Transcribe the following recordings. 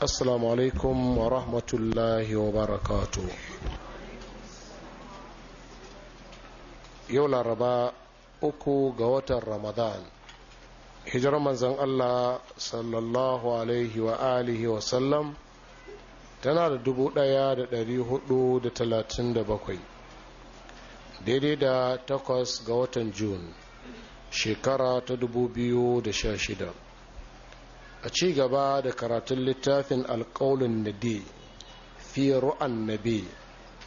assalamu alaikum wa rahmatullahi wa barakatu yau laraba uku ga watan ramadan hijirar manzan allah sallallahu alaihi wa alihi wa sallam tana da dubu daya da dari hudu da talatin da bakwai daidai da takwas ga watan Jun shekara ta dubu biyu da sha shida a ci gaba da karatun littafin alƙaunin nade fi ru'an nabi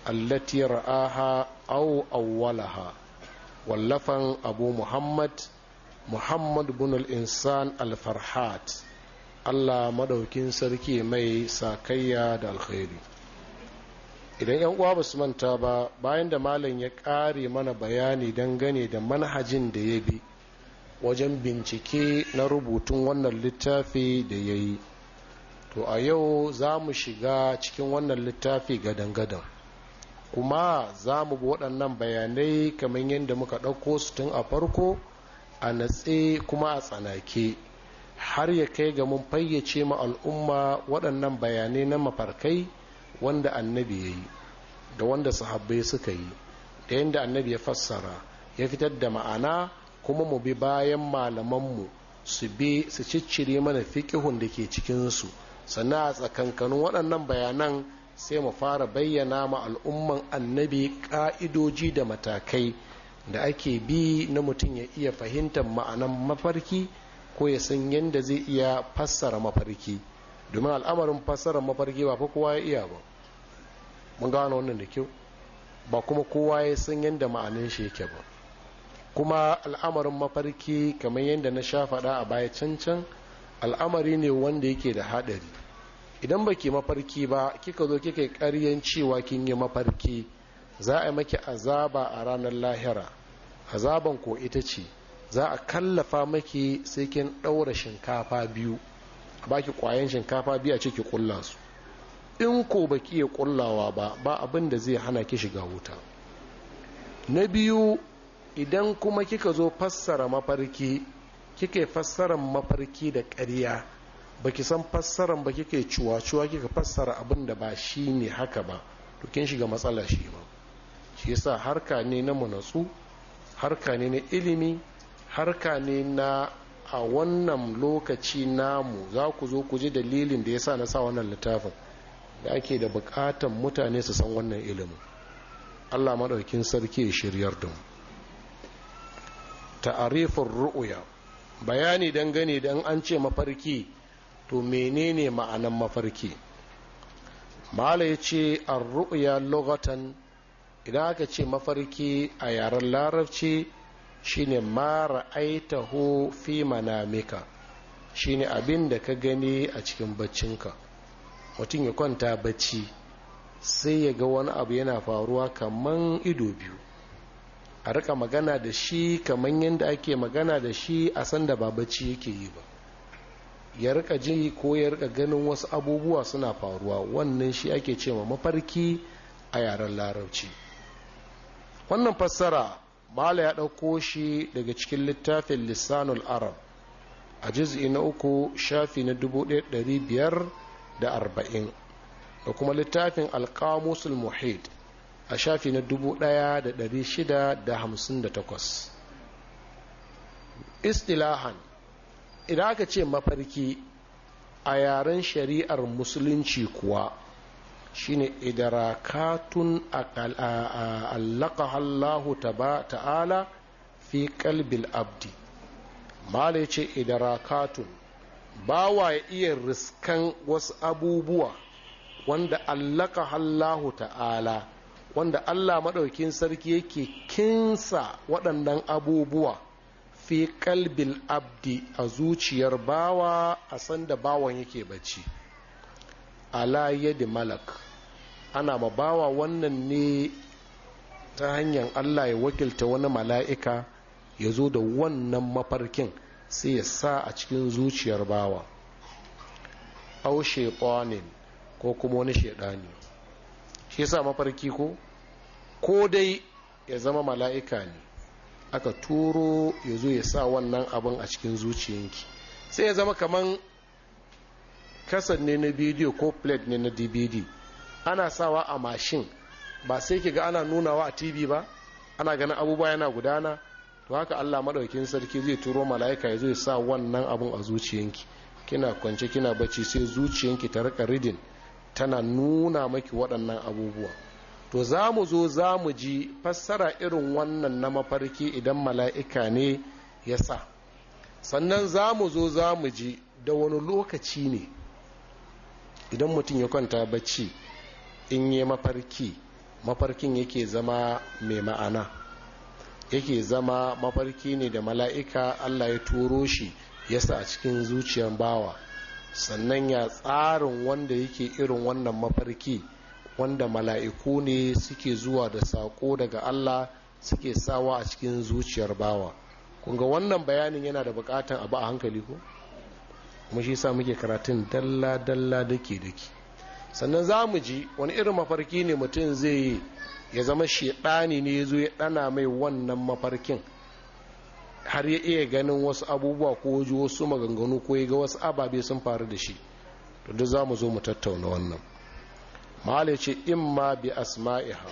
allati ra'aha au awwalaha wallafan abu muhammad muhammad bin al-insan al allah madaukin sarki mai sakayya da alkhairi idan yan uwa ba su manta ba bayan da malam ya ƙare mana bayani dangane da manhajin da ya bi wajen bincike na rubutun wannan littafi da ya yi to a yau za mu shiga cikin wannan littafi gadan-gadan kuma za mu bi waɗannan bayanai kamar yadda muka ɗauko su tun a farko a natse kuma a tsanake har ya kai ga mun fayyace ma al'umma waɗannan bayanai na mafarkai wanda annabi ya yi da wanda sahabbai suka yi da yadda annabi ya fassara ya fitar da ma'ana kuma mu bi bayan malamanmu su bi su ciccire mana fiƙihun da ke cikinsu sannan a tsakankanin waɗannan bayanan sai mu fara bayyana ma al'umman annabi ƙa'idoji da matakai da ake bi na mutum ya iya fahimtar ma'anan mafarki ko ya san yadda zai iya fassara mafarki domin al'amarin fassara mafarki ba fa kowa ya iya ba mun gano wannan da kyau ba kuma kowa ya san yadda ma'anin shi yake ba kuma al'amarin mafarki kamar yadda na sha faɗa a baya cancan al'amari ne wanda yake da haɗari idan baki mafarki ba kika zo kika yi cewa kin yi mafarki za a yi maki azaba a ranar lahira azaban ko ita ce za a kallafa maki sai kin ɗaura shinkafa biyu a baki ƙwayan shinkafa biyu a ce ki ƙulla su in ko baki iya ƙullawa ba ba abin da zai hana ki shiga wuta na biyu idan kuma kika zo fassara mafarki kike fassarar mafarki da ƙarya baki san fassarar ba kike cuwa-cuwa kika fassara abin da ba shi ne haka ba to kin shiga matsala shi ba shi yasa harka ne na munatsu harka ne na ilimi harka ne na a wannan lokaci namu za ku zo ku ji dalilin da yasa na sa wannan littafin da ake da bukatan mutane su san wannan ilimin Allah maɗaukin sarki ya shiryar da mu ta'arifin ru'uya bayani dangane da an ce mafarki to menene ma'anan mafarki mala ya ce a ru'uya logatan idan aka ce mafarki a yaren larabci shine mara aitahu fi manamika shine abin da ka gani a cikin baccinka mutum ya kwanta bacci sai ya ga wani abu yana faruwa kamar ido biyu a rika magana da shi kamar yadda ake magana da shi a sanda ba yake yi ba ya rika ji ko ya rika ganin wasu abubuwa suna faruwa wannan shi ake ce ma mafarki a yaren larabci wannan fassara mala ya ɗauko shi daga cikin littafin lissanul arab a juz'i na uku shafi na 1540 da kuma littafin alkamusul muhid a shafi na 1658 istilahan idan aka ce mafarki a yaren shari'ar musulunci kuwa shine idarakatun allaka allahu ta'ala fi kalbil abdi malai ce idarakatun ba wa iya riskan wasu abubuwa wanda allaka allahu ta'ala wanda Allah maɗaukin sarki yake kinsa waɗannan abubuwa fi kalbil abdi a zuciyar bawa a sanda bawan yake bacci ala yadi malak ana ma bawa wannan ne ta hanyar Allah ya wakilta wani mala'ika ya zo da wannan mafarkin sai ya sa a cikin zuciyar bawa au ƙwanin ko kuma wani shaidani shi sa mafarki ko ko dai ya zama mala'ika ne aka turo ya zo ya sa wannan abin a cikin zuciyanki sai ya zama kaman kasan ne na bidiyo ko plate ne na dvd ana sawa a mashin ba sai ki ga ana nunawa a tv ba ana ganin abubuwa yana gudana to haka allah maɗaukin sarki zai turo mala'ika ya zo ya sa wannan abin a zuciyanki kina kwance kina bacci sai zuciyanki ta rika ridin tana nuna maki waɗannan abubuwa to za mu zo za mu ji fassara irin wannan na mafarki idan mala'ika ne ya sa sannan za mu zo za mu ji da wani lokaci ne idan mutum ya kwanta bacci in yi mafarki mafarkin yake zama mai ma'ana yake zama mafarki ne da mala'ika allah ya turo shi yasa a cikin zuciyar bawa sannan ya tsarin wanda yake irin wannan mafarki wanda mala'iku ne suke zuwa da saƙo daga Allah suke sawa a cikin zuciyar bawa kunga wannan bayanin yana da bukatan abu a hankali ko kuma shi sa muke karatun dalla dalla dake dake sannan za mu ji wani irin mafarki ne mutum zai ya zama shaɗani ne ya zo ya ɗana mai wannan mafarkin har ya iya ganin wasu abubuwa ko waje wasu maganganu ko ya ga wasu ababe sun faru da shi to duk za mu zo mu tattauna wannan mahala ce in ma bi asma'iha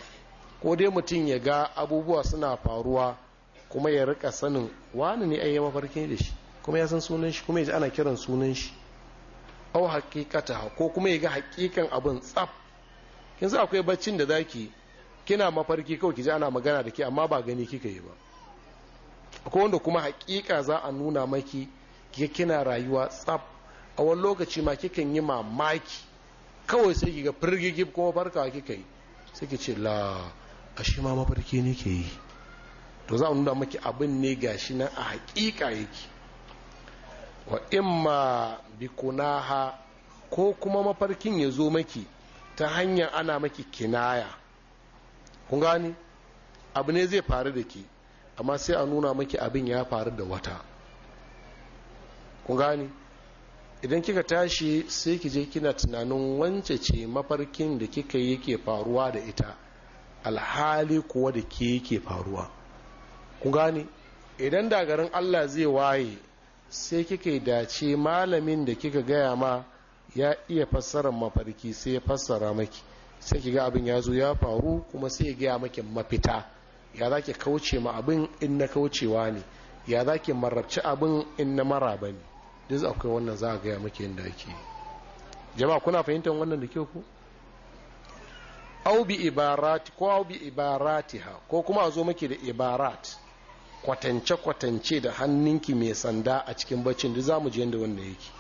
ko dai mutum ya ga abubuwa suna faruwa kuma ya rika sanin wani ne ai ya mafarkin da shi kuma ya san sunan shi kuma ya ji ana kiran sunan shi au haqiqata ko kuma ya ga haqiqan abin tsaf kin akwai baccin da zaki kina mafarki kawai ki ji ana magana da ke amma ba gani kika yi ba akwai wanda kuma hakika za a nuna maki ke kina rayuwa tsab a wani lokaci ma kikan yi mamaki kawai sai ki ga firgigi kuma barka kika yi sai ki ce la a shi ma mafarki ne ke yi to za a nuna maki abin ne gashi nan a hakika yake wa imma bi kunaha ko kuma mafarkin ya zo maki ta hanyar ana maki kinaya kun gani abu ne zai faru da ke amma sai a nuna maki abin ya faru da wata ku gani idan kika tashi sai ki je kina tunanin wance ce mafarkin da kika yi ke faruwa da ita alhali kuwa da ke yake faruwa ku gani idan dagarin allah zai waye sai kika dace malamin da kika gaya ma ya iya fassarar mafarki sai ya fassara maki sai ki ga abin ya zo ya faru kuma sai ya gaya maki mafita ya za ki kauce ma abin in na kaucewa ne ya za ki marabci abin in na mara ne duk akwai wannan za a gaya maki yadda ake jama'a kuna fahimtar wannan da kyau ku bi ibarat ko bi ibaratiha ko kuma a zo maki da ibarat kwatance kwatance da hannunki mai sanda a cikin baccin duk zamu je yadda wannan yake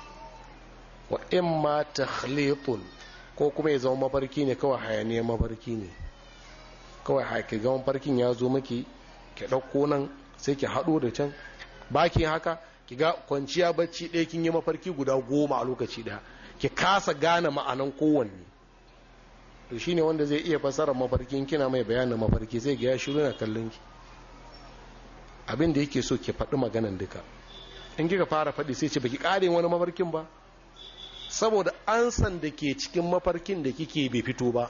wa imma takhlitun ko kuma ya zama mafarki ne kawai hayaniyar mafarki ne kawai haki ga farkin ya zo maki ki ɗauko nan sai ki haɗo da can baki haka ki ga kwanciya bacci ɗaya kin yi mafarki guda goma a lokaci ɗaya ki kasa gane ma'anan kowanne to shine wanda zai iya fasarar mafarkin kina mai bayanin mafarki zai ga ya shiru na kallon ki abin da yake so ki faɗi maganan duka in kika fara faɗi sai ce baki ƙare wani mafarkin ba saboda ansan da ke cikin mafarkin da kike bai fito ba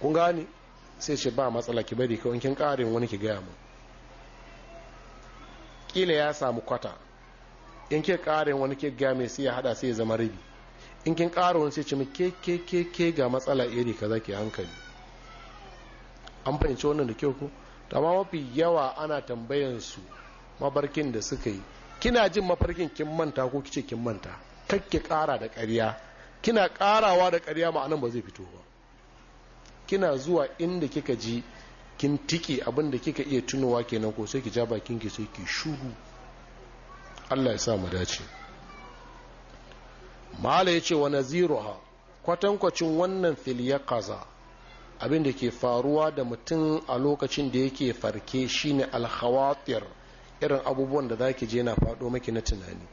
kun gane sai ce ba matsala ki bari kawai kin ƙarin wani ki gaya mu kila ya samu kwata in ke ƙarin wani ke gaya mai sai ya hada sai ya zama rabi in kin ƙara wani sai ce ke ke ke ke ga matsala iri kaza ke hankali an fahimci wannan da kyau ko amma mafi yawa ana tambayan su mabarkin da suka yi kina jin mafarkin kin manta ko kice kin manta kakke kara da ƙarya kina ƙarawa da ƙarya ma'anan ba zai fito ba kina zuwa inda kika ji kin tiki abin da kika iya tunowa kenan ko sai ki ja bakin ki sai ki shuru Allah ya sa mu dace mala yace wa naziruha kwatankwacin wannan fil kaza, abin da ke faruwa da mutum a lokacin da yake farke shine al khawatir irin abubuwan da zaki je na fado maki na tunani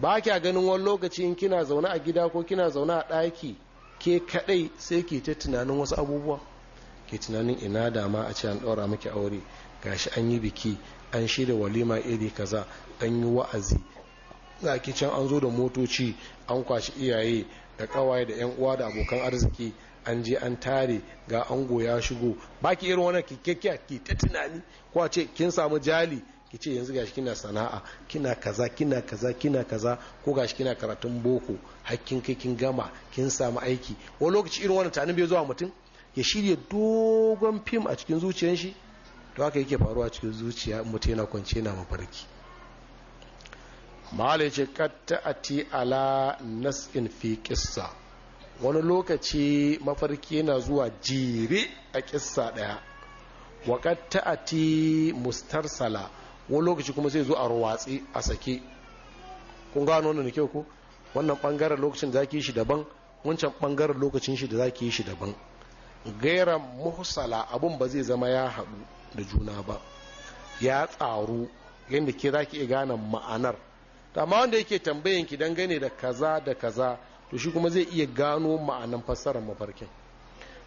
ba kya ganin wani lokaci in kina zaune a gida ko kina zaune a ɗaki ke kadai sai ke ta tunanin wasu abubuwa ke tunanin ina dama a ce an daura miki aure gashi an yi biki an shirya walima iri kaza an yi wa'azi za ki can an zo da motoci an kwashi iyaye da kawaye da yan uwa da abokan arziki an je an tare ga ango ya shigo baki irin wannan kikkiya ki ta tunani ko a ce kin samu jali ki ce yanzu gashi kina sana'a kina kaza kina kaza kina kaza ko gashi kina karatun boko hakkin kai kin gama kin samu aiki wani lokaci irin wannan tanin bai zuwa mutum ya shirya dogon fim a cikin zuciyar shi to haka yake faruwa cikin zuciya mutum yana kwance yana mafarki mahala ya ce katta ti ala nas'in fi kissa wani lokaci mafarki yana zuwa jere a kissa daya wa katta ati mustarsala wani lokaci kuma zai zo a ruwatsi a sake kun gano wannan kyau ko wannan bangaren lokacin da zaki shi daban wancan bangaren lokacin shi da zaki yi shi daban gaira muhsala abun ba zai zama ya haɗu da juna ba ya tsaru yadda ke zaki iya gane ma'anar amma wanda yake tambayin ki dangane da kaza da kaza to shi kuma zai iya gano ma'anan fassarar mafarkin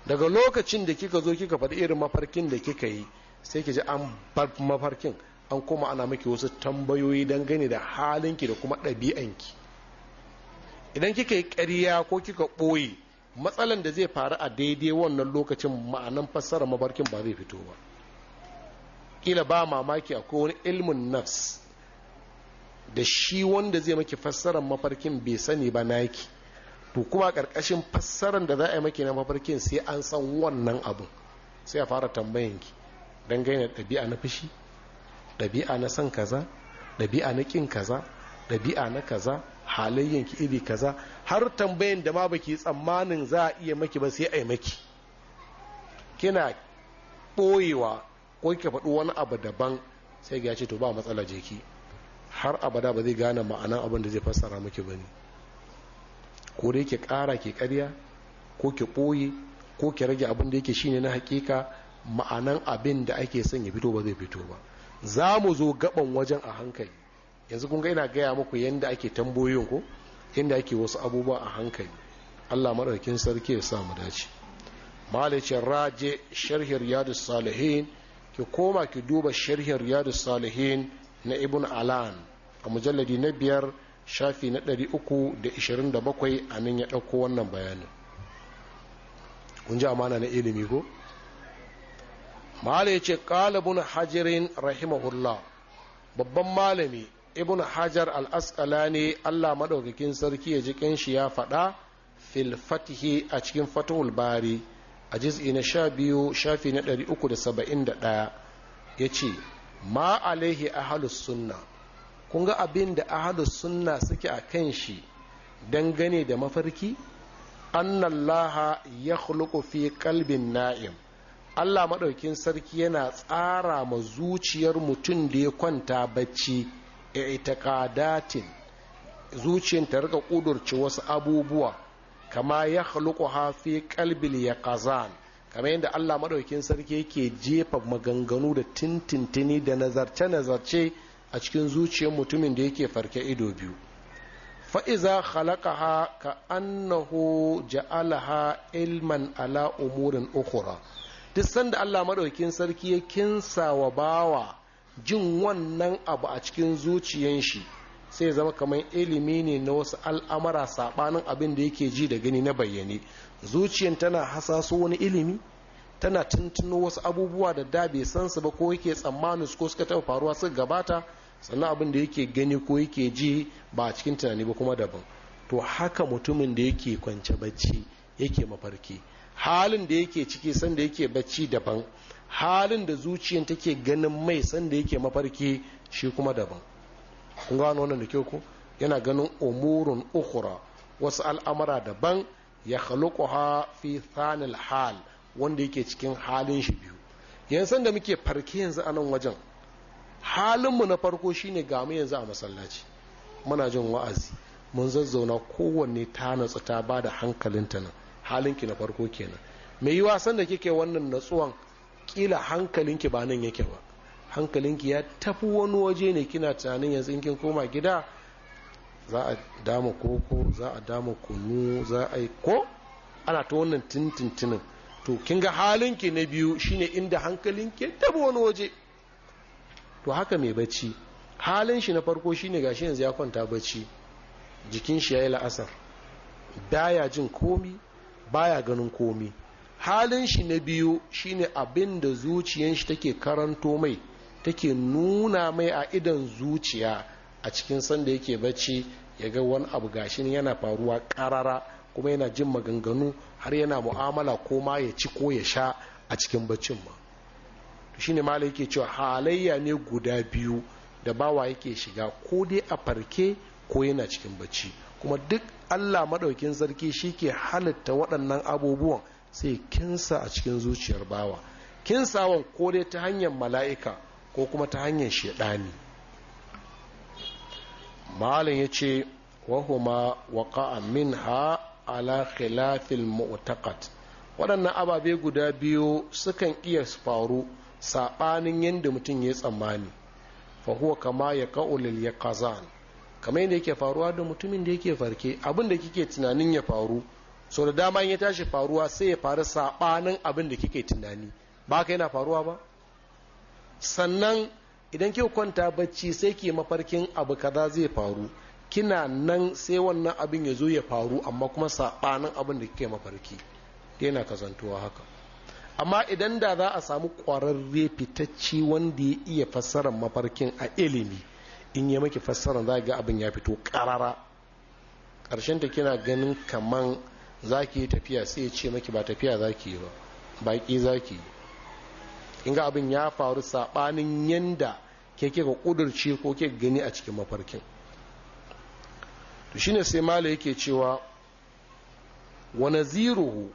daga lokacin da kika zo kika faɗi irin mafarkin da kika yi sai ki ji an bar mafarkin an koma ana maki wasu tambayoyi don gani da halinki da kuma ɗabi'anki idan kika yi ƙarya ko kika ɓoye matsalan da zai faru a daidai wannan lokacin ma'anan fassara mabarkin ba zai fito ba Kila ba mamaki akwai wani ilmin nafs da shi wanda zai maki fassarar mafarkin bai sani ba naki to kuma ƙarƙashin fassarar da za a yi maki na mafarkin sai an san wannan abun sai a fara tambayanki don gaina ɗabi'a na fushi ɗabi'a na san kaza ɗabi'a na ƙin kaza ɗabi'a na kaza ki iri kaza har tambayin da ma baki tsammanin za a iya maki ba sai a yi maki kina ɓoyewa ko ki faɗi wani abu daban sai ga ce to ba matsala jiki. har abada ba zai gane ma'anan abin da zai fassara miki bane ko dai ki ƙara ki ƙarya ko ki ɓoye ko ki rage abin da yake shine na hakika ma'anan abin da ake son ya fito ba zai fito ba za mu zo gaban wajen a hankali yanzu kun ga ina gaya muku yadda ake tambayoyin ko yadda ake wasu abubuwa a hankali allah maɗaukin sarki ya samu dace malicin raje sharhin riyadu salihin ki koma ki duba sharhin riyadu salihin na ibn alan a mujalladi na biyar shafi na ɗari uku da da bakwai, a nan ya ɗauko wannan bayanin kun ji amana na ilimi ko malai ya ce ƙalibin hajirin rahimahullah babban malami ibn hajar ne allah maɗaukakin sarki ya ji shi ya faɗa fil a cikin fatahul bari a jiz'i na sha biyu shafi na ɗari uku da saba'in da ɗaya ya ce ma alaihi ahalus sunna kun ga abin da ahalus sunna suke a kan shi dangane da mafarki annallaha ya fi kalbin na'im Allah maɗaukin sarki yana tsara ma zuciyar mutum da ya kwanta bacci a itakadatin zuciyar ta rika ƙudurci wasu abubuwa kama ya haluku hafi kalbil ya kazan kama yadda Allah maɗaukin sarki yake jefa maganganu da tintintini da nazarce-nazarce a cikin zuciyar mutumin da yake farke ido biyu fa'iza halakaha ka annahu ja'alaha ilman ala umurin ukura duk sanda Allah maɗaukin sarki ya kinsa wa bawa jin wannan abu a cikin zuciyan shi sai zama kamar ilimi ne na wasu al'amara saɓanin abin da yake ji da gani na bayyane zuciyan tana hasaso wani ilimi tana tuntuno wasu abubuwa da da bai san su ba ko yake tsammanin su ko suka taɓa faruwa suka gabata sannan abin da yake gani ko yake ji ba a cikin tunani ba kuma daban to haka mutumin da yake kwance bacci yake mafarki halin da yake ciki sanda yake bacci daban halin da zuciyar take ganin mai sanda yake mafarki shi kuma daban kun gano wannan da kyau ko yana ganin umurun ukhra wasu al'amara daban ya khaluquha fi thanil hal wanda yake cikin halin shi biyu yanzu da muke farke yanzu anan nan wajen halinmu na farko shine ga mu yanzu a masallaci muna jin wa'azi mun zazzauna kowanne ta natsu ta ba da hankalinta nan halinki na farko kenan mai yi wasan da kike wannan natsuwan kila hankalinki ba nan yake ba hankalinki ya tafi wani waje ne kina tunanin yanzu in kin koma gida za a dama koko za a dama kunu za a yi ko ana ta wannan tintintinin to kin ga halinki na biyu shine inda hankalinki ya tafi wani waje to haka mai bacci halin shi na farko shine gashi yanzu ya kwanta bacci jikin shi ya yi la'asar baya jin komi baya ganin komi halin shi na biyu shine abin da zuciyar shi take karanto mai take nuna mai a idan zuciya a cikin sanda yake bacci ya ga wani abu gashin yana faruwa karara kuma yana jin maganganu har yana mu'amala ko ma ya ci ko ya sha a cikin baccin ma shine mala yake cewa halayya ne guda biyu da bawa yake shiga ko dai a farke ko yana cikin bacci kuma duk allah maɗaukin sarki shi ke halitta waɗannan abubuwan sai kinsa a cikin zuciyar bawa kinsawan ko dai ta hanyar mala'ika ko kuma ta hanyar shaɗani malin ya ce wahuma waƙa'a min ha ala khilafil mu'taqat waɗannan ababe guda biyu sukan iya faru saɓanin yadda mutum ya tsammani fahuwa kama ya ka'ulil ya kazan kamar yadda yake faruwa da mutumin da yake farke abin da kike tunanin ya faru so da dama ya tashi faruwa sai ya faru saɓanin abin da kike tunani ba ka yana faruwa ba sannan idan kika kwanta bacci sai ke mafarkin abu kaza zai faru kina nan sai wannan abin ya zo ya faru amma kuma saɓanin abin da kike mafarki yana kasantowa haka amma idan da za a samu ƙwararre fitacci wanda ya iya fassarar mafarkin a ilimi in ya maki fassara za ga abin ya fito karara ƙarshen ta kina ganin kamar za ki yi tafiya sai ce maki ba tafiya za ki yi ba baƙi za ki yi in ga abin ya faru saɓanin yanda ke ke ka ƙudurci ko ke gani a cikin mafarkin to shine sai mala yake cewa wane Ziruhu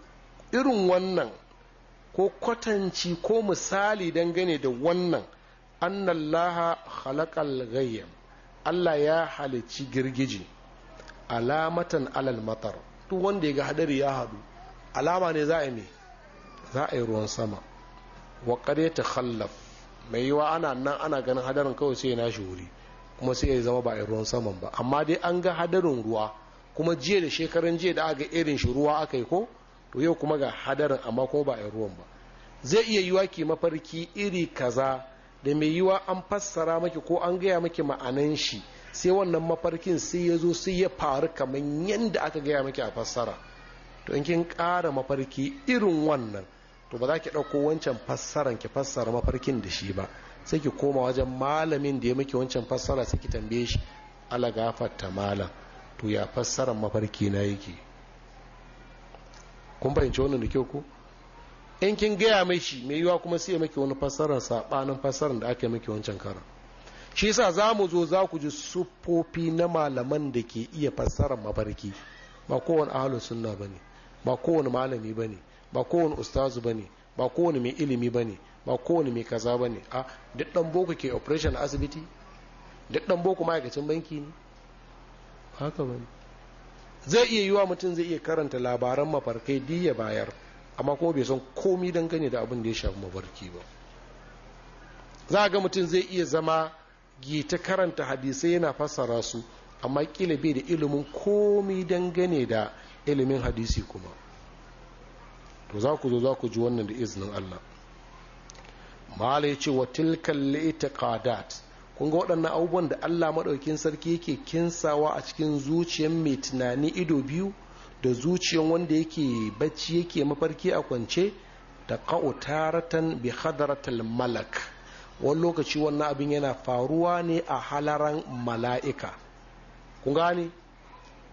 irin wannan ko kwatanci ko misali dangane da wannan annallaha khalaqal ghayyam Allah ya halici girgiji alamatan alal matar duk wanda ya ga hadari ya hadu alama ne za a yi za a yi ruwan sama wa ta mai yiwa ana nan ana ganin hadarin kawai sai na shi wuri kuma sai ya zama ba a ruwan saman ba amma dai an ga hadarin ruwa kuma jiya da shekaran jiya da aka irin shi ruwa aka yi ko to yau kuma ga hadarin amma ko ba a ruwan ba zai iya yiwa ki mafarki iri kaza da mai yiwa an fassara maki ko an gaya maki ma'anan shi sai wannan mafarkin sai ya zo sai ya faru kamar yadda aka gaya maki a fassara to in kin ƙara mafarki irin wannan to ba za ki ɗauko wancan fassaran ki fassara mafarkin da shi ba sai ki koma wajen malamin da ya maki wancan fassara sai ki tambaye shi ala gafarta malam to ya fassaran mafarki na yake kun fahimci wannan da kyau ko in kin gaya mai shi mai yiwa kuma sai maki wani fassarar saɓanin fassarar da aka maki wancan karan shi sa za mu zo za ku ji siffofi na malaman da ke iya fassarar mafarki ba kowane ahalun sunna ba ne ba kowane malami ba ne ba kowane ustazu ba ne ba kowane mai ilimi ba ne ba kowane mai kaza ba ne a duk ɗan boko ke operation asibiti duk ɗan boko ma'aikacin banki ne haka ba ne zai iya yiwa mutum zai iya karanta labaran mafarkai diya bayar amma kuma bai san komi dangane da abin da ya shafi mafarki ba za a ga mutum zai iya zama gita karanta hadisai yana fassara su amma kila bai da ilimin komi dangane da ilimin hadisi kuma to za ku zo za ku ji wannan da izinin Allah mala ya ce wa tilkan li'tiqadat kun ga waɗannan abubuwan da Allah maɗaukin sarki yake kinsawa a cikin zuciyar mai tunani ido biyu da zuciyan wanda yake bacci yake mafarki a kwance ta ka'u taratan bi hadaratal malak wani lokaci wannan abin yana faruwa ne a halaran mala'ika Ku gane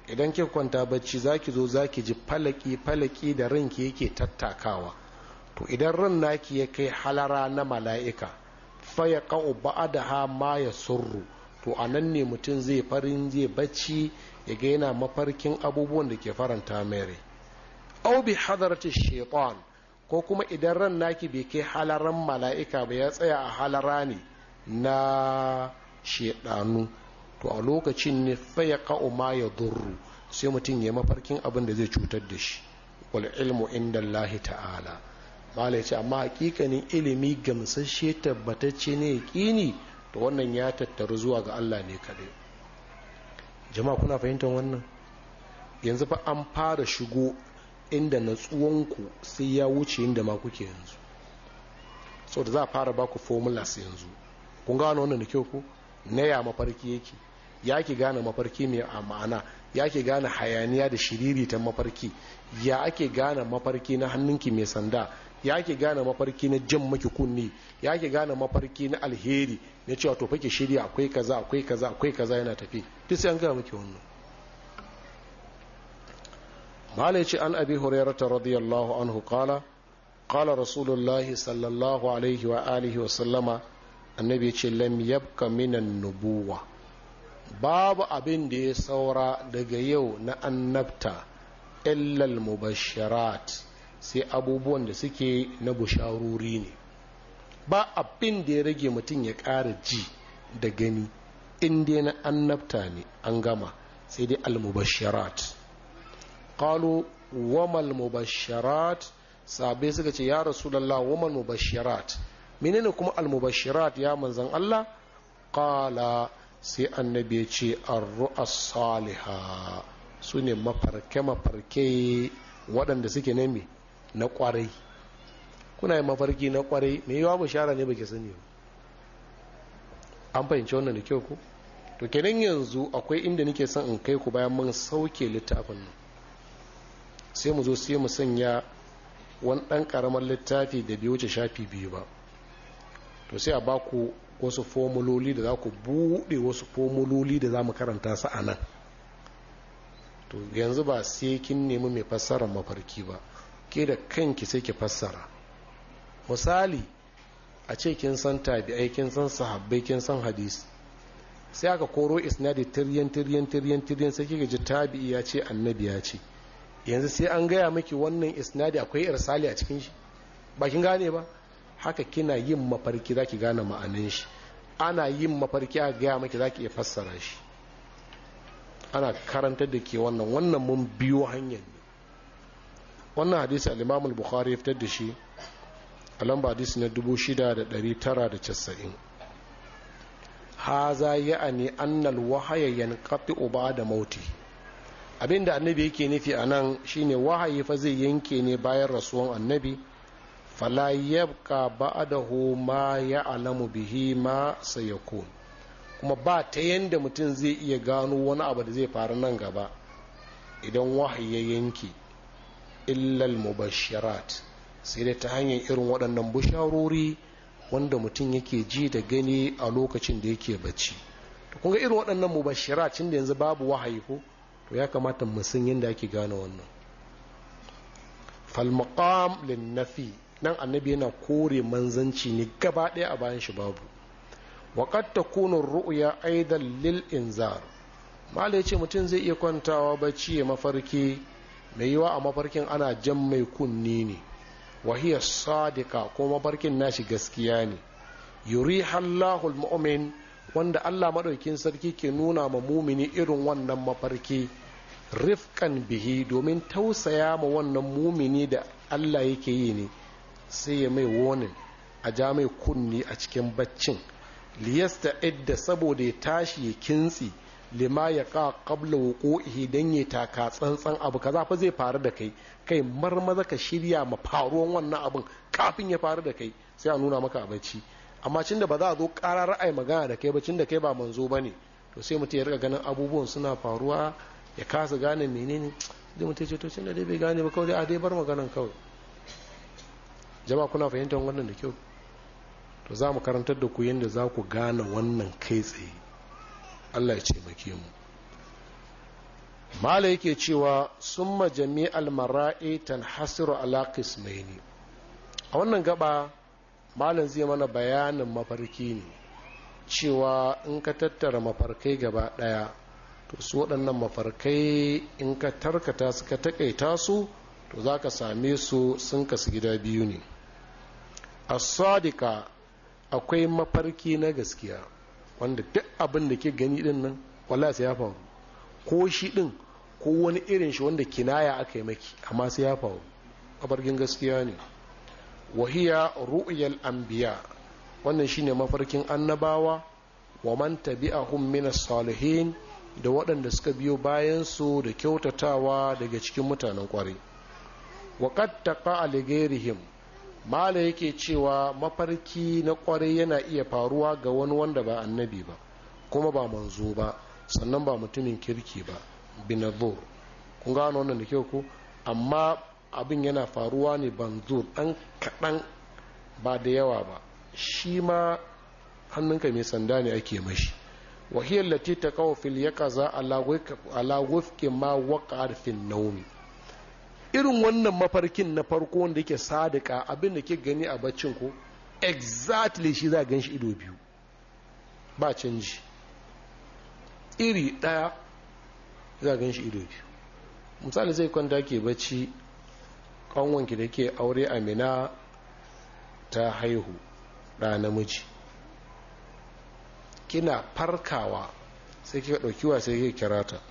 idan ki kwanta bacci zaki zo zaki ji falaki falaki da ranki yake tattakawa to idan ran naki ya kai halara na mala'ika fa ya da ha ma ya surru to a nan ne mutum zai farin zai bacci ya ga mafarkin abubuwan da ke faranta mere au bi hadarati shaitan ko kuma idan ran naki bai kai halaran mala'ika ba ya tsaya a halara ne na shaidanu to a lokacin ne ya ka'u ma ya durru sai mutum ya mafarkin abin da zai cutar da shi wal ilmu inda Allah ta'ala mala ce amma hakikanin ilimi gamsashe tabbatacce ne ya kini to wannan ya tattaru zuwa ga Allah ne kaɗai jama'a kuna fahimtar wannan yanzu fa an fara shigo inda natsuwanku sai ya wuce inda ma kuke yanzu so da za a fara baku formulas yanzu kun gano wannan da kyau ko na ya mafarki yake ya ke gane mafarki mai a ma'ana ya ke gane hayaniya da shiriri ta mafarki ya ake gane mafarki na hannunki mai sanda ya ke gane mafarki na jin maki kunni ya ke gane mafarki na alheri na cewa to fake shirya akwai kaza akwai kaza akwai kaza yana tafi duk sai an gaya maki wannan mala ya ce an abi hurairata radiyallahu anhu qala qala rasulullah sallallahu alaihi wa alihi wa sallama annabi ce lam yabka minan nubuwa babu abin da ya saura daga yau na annabta illal mubasharat. sai abubuwan da suke na busharuri ne ba abin da ya rage mutum ya ƙara ji da gani in dai na annabta ne an gama sai dai almubasharat qalu wamal mubasharat sabai suka ce ya rasu rasulullah wamal mubasharat menene kuma almubasharat ya manzan Allah qala sai annabi ya ce arru'as saliha su ne mafarke mafarke waɗanda suke nemi na kwarai kuna yi mafarki na kwarai mai yawa bishara ne baki sani an fahimci wannan da kyau ku to kenan yanzu akwai inda nake son in kai ku bayan mun sauke littafin nan sai mu zo sai mu sanya wani ɗan ƙaramar littafi da bai wuce shafi biyu ba to sai a ba ku wasu fomuloli da za ku buɗe wasu fomuloli da za mu karanta su a nan to yanzu ba sai kin nemi mai fassarar mafarki ba ke da kanki sai ki fassara misali a ce kin san tabi'ai kin san sahabbai kin san hadisi sai aka koro isnadi tiryan tiryan tiryan tiryan sai kika ji tabi'i ya ce annabi ya ce yanzu sai an gaya miki wannan isnadi akwai irsali a cikin shi ba kin gane ba haka kina yin mafarki zaki gane ma'anin shi ana yin mafarki a gaya maki zaki iya fassara shi ana karantar da ke wannan wannan mun biyo hanyar ne wannan hadisi al-imam al-bukhari ya fitar da shi a lamba hadisi na 6990 haza ya'ani annal wahaya uba da mauti abinda annabi yake nufi a anan shine wahayi fa zai yanke ne bayan rasuwan annabi fala bada ba'dahu ma ya'lamu bihi ma sayakun kuma ba ta yanda mutum zai iya gano wani abu da zai faru nan gaba idan wahayi ya yanke illal mubashirat sai dai ta hanyar irin waɗannan bisharori wanda mutum yake ji da gani a lokacin da yake bacci to kun ga irin waɗannan mubashirat cin da yanzu babu wahayi ko to ya kamata mu san yadda ake gane wannan fal maqam lin nafi nan annabi yana kore manzanci ne gaba ɗaya a bayan shi babu wa qad takunu ru'ya aidan lil inzar ya ce mutum zai iya kwantawa bacci ya mafarki mai yiwa a mafarkin ana jan mai kunni ne wahiyar sadika ko mafarkin nashi gaskiya ne yuri hallahul mu'min wanda allah maɗaukin sarki ke nuna ma mumini irin wannan mafarki rifkan bihi domin tausaya ma wannan mumini da allah yake yi ne sai ya mai wonin a ja mai kunni a cikin baccin liyasta idda saboda ya tashi ya kintsi lima ya ka kabla wuqu'ihi dan ya taka tsantsan abu kaza fa zai faru da kai kai marmaza ka shirya ma faruwan wannan abin kafin ya faru da kai sai a nuna maka abinci amma cin da ba za a zo ƙara ra'ayi magana da kai ba cin da kai ba manzo ne. to sai mutum ya riga ganin abubuwan suna faruwa ya kasa gane menene zai mutum ce to cin da dai bai gane ba kawai a dai bar maganan kawai jama'a kuna fahimtar wannan da kyau to za mu karantar da ku yadda za ku gane wannan kai tsaye Allah ya ce taimake mu mala yake cewa sun majami jami'al tan hasiru ala kismaini a wannan gaba malam zai mana bayanin mafarki ne cewa in ka tattara mafarkai gaba daya to su waɗannan mafarkai in ka tarkata su ka takaita su to za ka same su sun kasu gida biyu ne a sadika akwai mafarki na gaskiya wanda duk abin da ke gani din nan wala sai ya faru ko shi din ko wani irin shi wanda kinaya aka yi maki amma sai ya faru kabargin gaskiya ne wahiya ru'yal anbiya wannan shine mafarkin annabawa wa man tabi'ahum min salihin da waɗanda suka biyo bayan su da kyautatawa daga cikin mutanen kwarai wa qad taqa li mala yake cewa mafarki na kwarai yana iya faruwa ga wani wanda ba annabi ba kuma ba manzo ba sannan ba mutumin kirki ba binazur kun gano wannan da kyau ko amma abin yana faruwa ne banzur dan kaɗan ba da yawa ba shi ma hannunka mai sanda ne ake mashi wahiyar lati ta kawo fil ya kaza ma waƙar fin naumi irin wannan mafarkin na farko wanda yake sadaka abinda da ke gani a baccin ko exactly shi za gan shi ido biyu ba canji iri ɗaya za gan shi ido biyu misali zai kwanta ke bacci ƙanwanki da ke aure amina ta haihu ɗa namiji kina farkawa sai kika ɗauki wa sai kika kira ta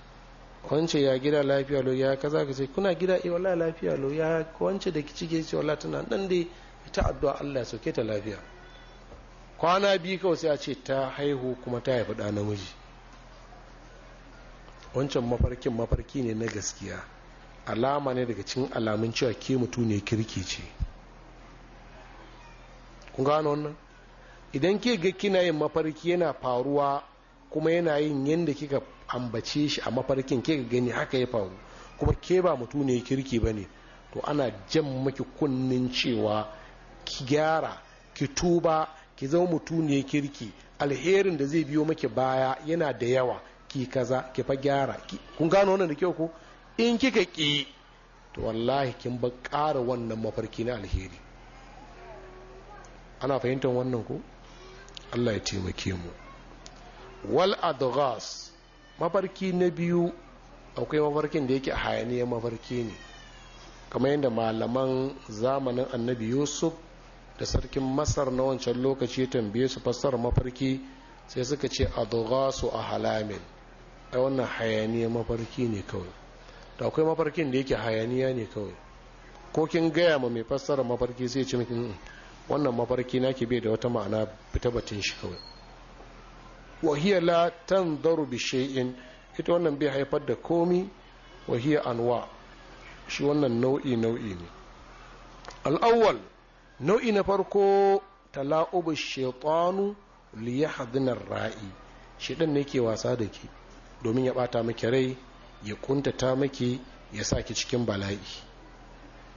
wance ya gida lafiya lo ya kaza ka ce kuna gida eh wallahi lafiya lo ya wance da kici ke ce wallahi tana dan dai ta addu'a Allah ya sauke ta lafiya kwana biyu kawai sai a ce ta haihu kuma ta haifi da namiji wancan mafarkin mafarki ne na gaskiya alama ne daga cikin alamun cewa ke mutu ne kirki ce kun gano wannan idan ke ga kina yin mafarki yana faruwa kuma yana yin yadda kika ambace shi a mafarkin ke gani haka ya faru kuma ke ba mutum ne kirki ba ne to ana jan maki kunnin cewa ki gyara ki tuba ki zama mutum ne kirki alherin da zai biyo maki baya yana da yawa ki kaza ki fa gyara kun gano wannan da kyau ko in kika ki to wallahi kin ba ƙara wannan mafarki na alheri ana fahimtar wannan ko Allah ya taimake mu wal adghas mafarki na biyu akwai mafarkin da yake a hayaniyar mafarki ne kamar yadda malaman zamanin annabi yusuf da sarkin masar na wancan lokaci ya tambaye su fassarar mafarki sai suka ce a su a halamin a wannan hayaniyar mafarki ne kawai da akwai mafarkin da yake hayaniya ne kawai ko kin gaya ma mai fassarar mafarki sai ce wannan mafarki na ke bai da wata ma'ana fita batun shi kawai wa la tan tanzaru bi ita wannan bai haifar da komi wa hiya anwa shi wannan nau'i nau'i ne al'awwal nau'i na farko tala'ubu shaytanu li yahdhina ra'i ɗin ne ke wasa da ke domin ya ɓata miki rai ya kuntata maki ya sa ke cikin bala'i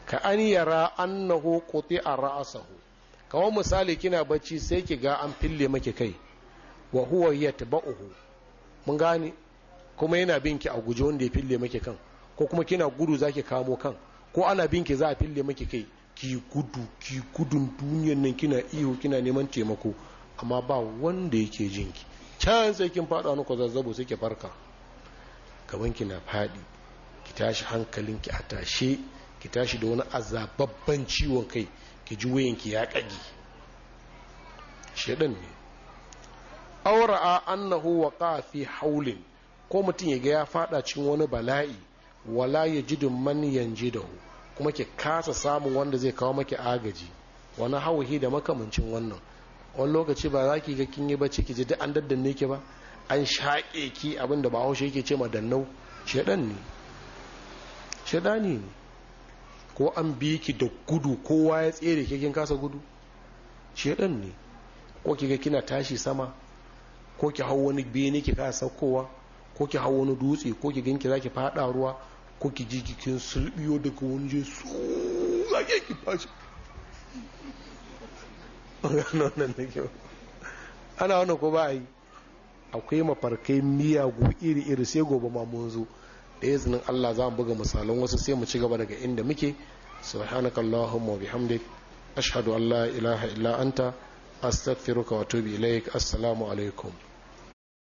ka an yara annahu quti'a ra'sahu kawai misali kina bacci sai ki ga an fille maki kai wa huwa yatba'uhu mun gane kuma yana binki a guje wanda ya fille maki kan ko kuma kina gudu zaki kamo kan ko ana binki za a fille maki kai ki gudu ki gudun duniyan nan kina ihu kina neman taimako amma ba wanda yake jinki can sai kin fada wani zazzabo sai ki farka gaban ki na fadi ki tashi hankalin ki a tashe ki tashi da wani azababban ciwon kai ki ji wayan ki ya kage shedan ne aura'a annahu waqa fi haulin ko mutum ya ga ya fada cikin wani bala'i wala ya yajidu man yanjidahu kuma ki kasa samun wanda zai kawo maki agaji wani hauhi da makamancin wannan wani lokaci ba za ki ga kin yi ba ki ji duk an daddanne ki ba an shaƙe ki abinda ba haushe yake ce ma dannau shaɗan ne shedani ne ko an bi ki da gudu kowa ya tsere ke kasa gudu shaɗan ne ko kiga kina tashi sama ko ki hau wani bene ki kasa saukowa ko ki hau wani dutse ko ki ganki zaki fada ruwa ko ki ji jikin sulbiyo daga wani je su zage ki fashi ana wannan ko ba yi akwai mafarkai miyagu iri-iri sai gobe ma mun zo da izinin Allah za mu buga misalan wasu sai mu ci gaba daga inda muke subhanaka allahumma wa bihamdik ashhadu an la ilaha illa anta astaghfiruka wa atubu ilaik assalamu alaikum